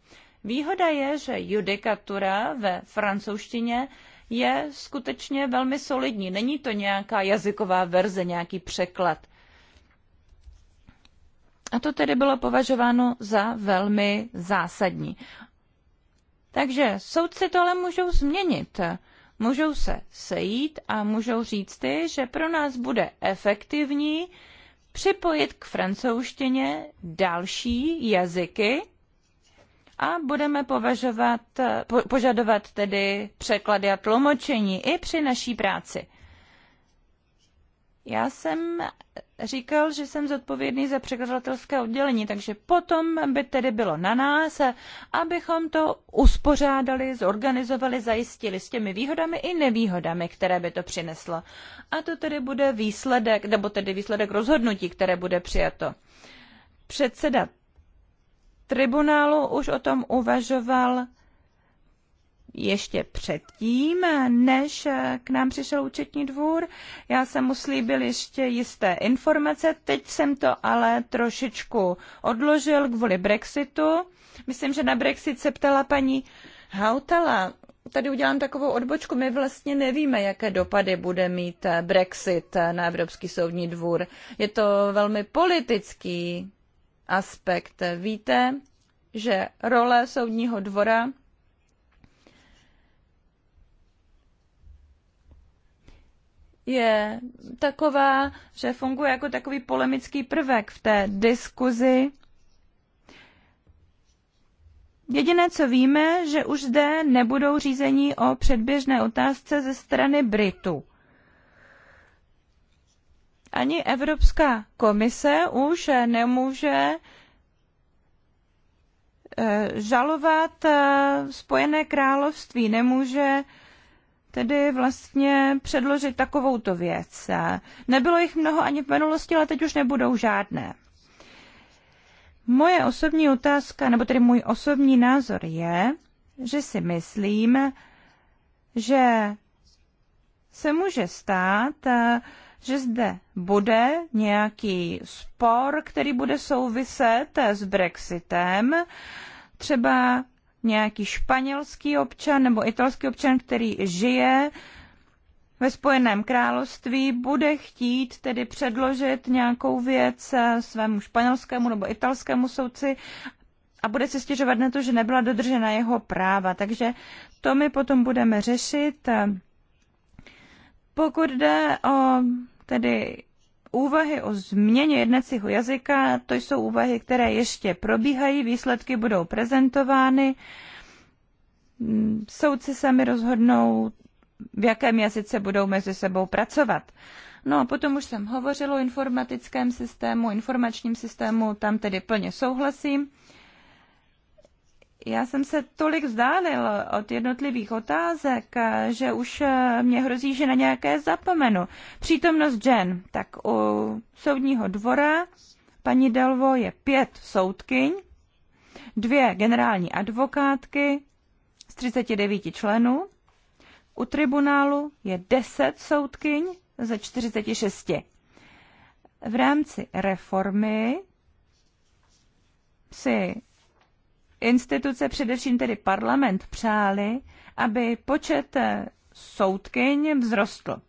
Speaker 2: Výhoda je, že judikatura ve francouzštině je skutečně velmi solidní. Není to nějaká jazyková verze, nějaký překlad. A to tedy bylo považováno za velmi zásadní. Takže soudci to ale můžou změnit. Můžou se sejít a můžou říct ty, že pro nás bude efektivní připojit k francouzštině další jazyky, a budeme považovat, po, požadovat tedy překlady a tlumočení i při naší práci. Já jsem říkal, že jsem zodpovědný za překladatelské oddělení, takže potom by tedy bylo na nás, abychom to uspořádali, zorganizovali, zajistili s těmi výhodami i nevýhodami, které by to přineslo. A to tedy bude výsledek, nebo tedy výsledek rozhodnutí, které bude přijato. Předseda tribunálu už o tom uvažoval ještě předtím, než k nám přišel účetní dvůr. Já jsem mu slíbil ještě jisté informace, teď jsem to ale trošičku odložil kvůli Brexitu. Myslím, že na Brexit se ptala paní Hautala. Tady udělám takovou odbočku. My vlastně nevíme, jaké dopady bude mít Brexit na Evropský soudní dvůr. Je to velmi politický aspekt. Víte, že role soudního dvora je taková, že funguje jako takový polemický prvek v té diskuzi. Jediné, co víme, že už zde nebudou řízení o předběžné otázce ze strany Britů ani Evropská komise už nemůže eh, žalovat eh, Spojené království, nemůže tedy vlastně předložit takovouto věc. Nebylo jich mnoho ani v minulosti, ale teď už nebudou žádné. Moje osobní otázka, nebo tedy můj osobní názor je, že si myslím, že se může stát, eh, že zde bude nějaký spor, který bude souviset s Brexitem. Třeba nějaký španělský občan nebo italský občan, který žije ve Spojeném království, bude chtít tedy předložit nějakou věc svému španělskému nebo italskému soudci a bude se stěžovat na to, že nebyla dodržena jeho práva. Takže to my potom budeme řešit. Pokud jde o Tedy úvahy o změně jednacího jazyka, to jsou úvahy, které ještě probíhají, výsledky budou prezentovány. Soudci sami rozhodnou, v jakém jazyce budou mezi sebou pracovat. No a potom už jsem hovořil o informatickém systému, informačním systému, tam tedy plně souhlasím já jsem se tolik vzdálil od jednotlivých otázek, že už eh, mě hrozí, že na nějaké zapomenu. Přítomnost žen. Tak u soudního dvora paní Delvo je pět soudkyň, dvě generální advokátky z 39 členů. U tribunálu je 10 soudkyň ze 46. V rámci reformy si instituce, především tedy parlament, přáli, aby počet eh, soudkyň vzrostl.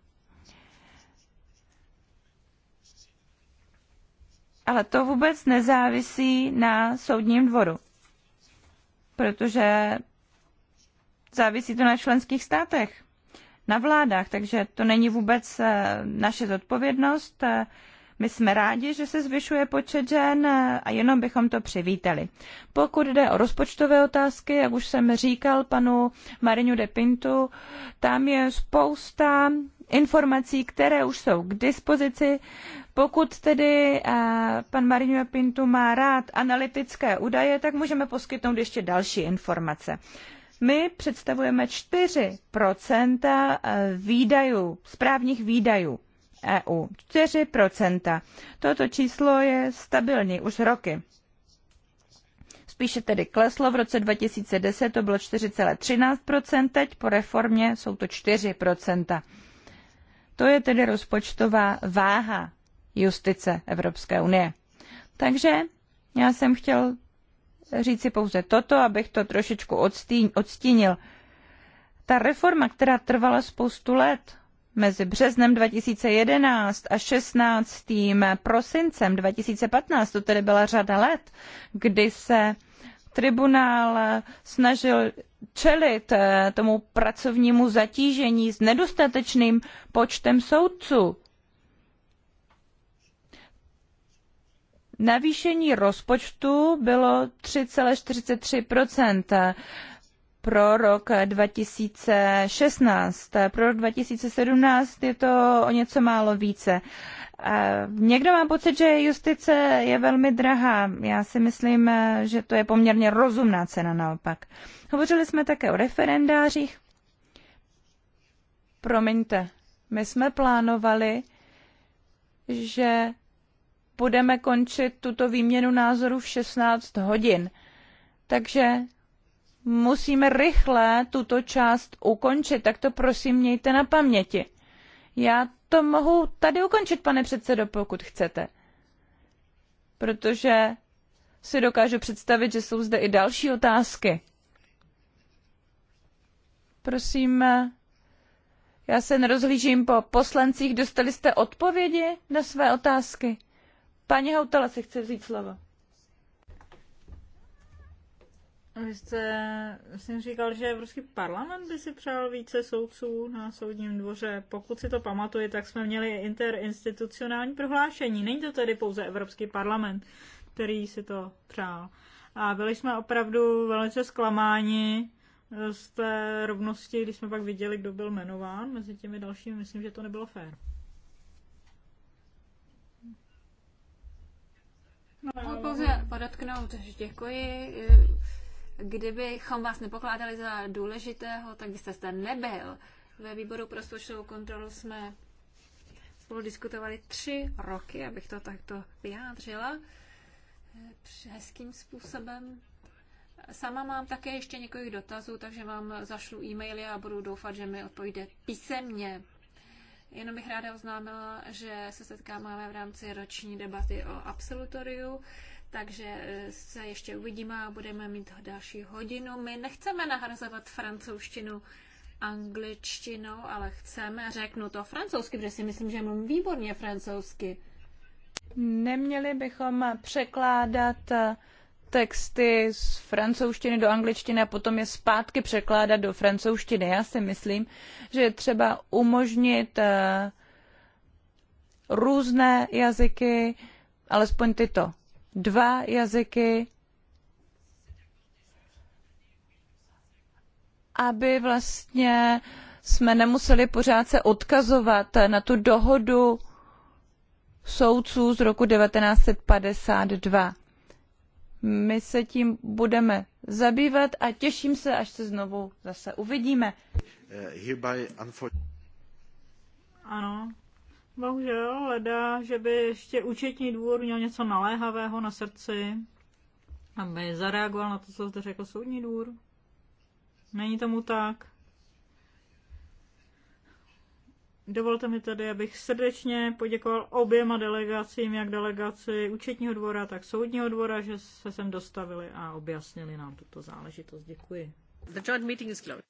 Speaker 2: Ale to vůbec nezávisí na soudním dvoru, protože závisí to na členských státech, na vládách, takže to není vůbec eh, naše zodpovědnost. Eh, my jsme rádi, že se zvyšuje počet žen a jenom bychom to přivítali. Pokud jde o rozpočtové otázky, jak už jsem říkal panu Marinu de Pintu, tam je spousta informací, které už jsou k dispozici. Pokud tedy eh, pan de Pintu má rád analytické údaje, tak můžeme poskytnout ještě další informace. My představujeme 4 eh, výdajů, správních výdajů EU. 4%. Toto číslo je stabilní už roky. Spíše tedy kleslo, v roce 2010 to bylo 4,13%, teď po reformě jsou to 4%. To je tedy rozpočtová váha justice Evropské unie. Takže já jsem chtěl říci pouze toto, abych to trošičku odstínil. Ta reforma, která trvala spoustu let, mezi březnem 2011 a 16. prosincem 2015, to tedy byla řada let, kdy se tribunál snažil čelit eh, tomu pracovnímu zatížení s nedostatečným počtem soudců. Navýšení rozpočtu bylo 3,43 pro rok 2016. Pro rok 2017 je to o něco málo více. Někdo má pocit, že justice je velmi drahá. Já si myslím, že to je poměrně rozumná cena naopak. Hovořili jsme také o referendářích. Promiňte, my jsme plánovali, že budeme končit tuto výměnu názoru v 16 hodin. Takže musíme rychle tuto část ukončit, tak to prosím mějte na paměti. Já to mohu tady ukončit, pane předsedo, pokud chcete. Protože si dokážu představit, že jsou zde i další otázky. Prosím, já se nerozhlížím po poslancích. Dostali jste odpovědi na své otázky? Paní Hautala si chce vzít slovo.
Speaker 1: Vy jste, jsem říkal, že Evropský parlament by si přál více soudců na soudním dvoře. Pokud si to pamatuji, tak jsme měli interinstitucionální prohlášení. Není to tedy pouze Evropský parlament, který si to přál. A byli jsme opravdu velice zklamáni z té rovnosti, když jsme pak viděli, kdo byl jmenován mezi těmi dalšími. Myslím, že to nebylo fér. Mohu pouze
Speaker 3: podotknout, že děkuji Kdybychom vás nepokládali za důležitého, tak byste zde nebyl. Ve výboru pro slušnou kontrolu jsme spolu diskutovali tři roky, abych to takto vyjádřila eh, hezkým způsobem. Sama mám také ještě několik dotazů, takže vám zašlu e-maily a budu doufat, že mi odpovíde písemně. Jenom bych ráda oznámila, že se setkáme v rámci roční debaty o absolutoriu takže eh, se ještě uvidíme a budeme mít další hodinu. My nechceme nahrazovat francouzštinu angličtinou, ale chceme, řeknu to francouzsky, protože si myslím, že mám výborně francouzsky.
Speaker 2: Neměli bychom překládat eh, texty z francouzštiny do angličtiny a potom je zpátky překládat do francouzštiny. Já si myslím, že je třeba umožnit eh, různé jazyky, alespoň tyto dva jazyky, aby vlastně jsme nemuseli pořád se odkazovat na tu dohodu soudců z roku 1952. My se tím budeme zabývat a těším se, až se znovu zase uvidíme. Eh,
Speaker 1: ano, Bohužel, leda, že by ještě účetní dvůr měl něco naléhavého na srdci, aby zareagoval na to, co zde řekl soudní dvůr. Není tomu tak. Dovolte mi tedy, abych srdečně poděkoval oběma delegacím, jak delegaci účetního dvora, tak soudního dvora, že se sem dostavili a objasnili nám tuto záležitost. Děkuji. The joint meeting is closed.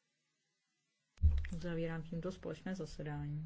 Speaker 1: Zavírám tímto společné zasedání.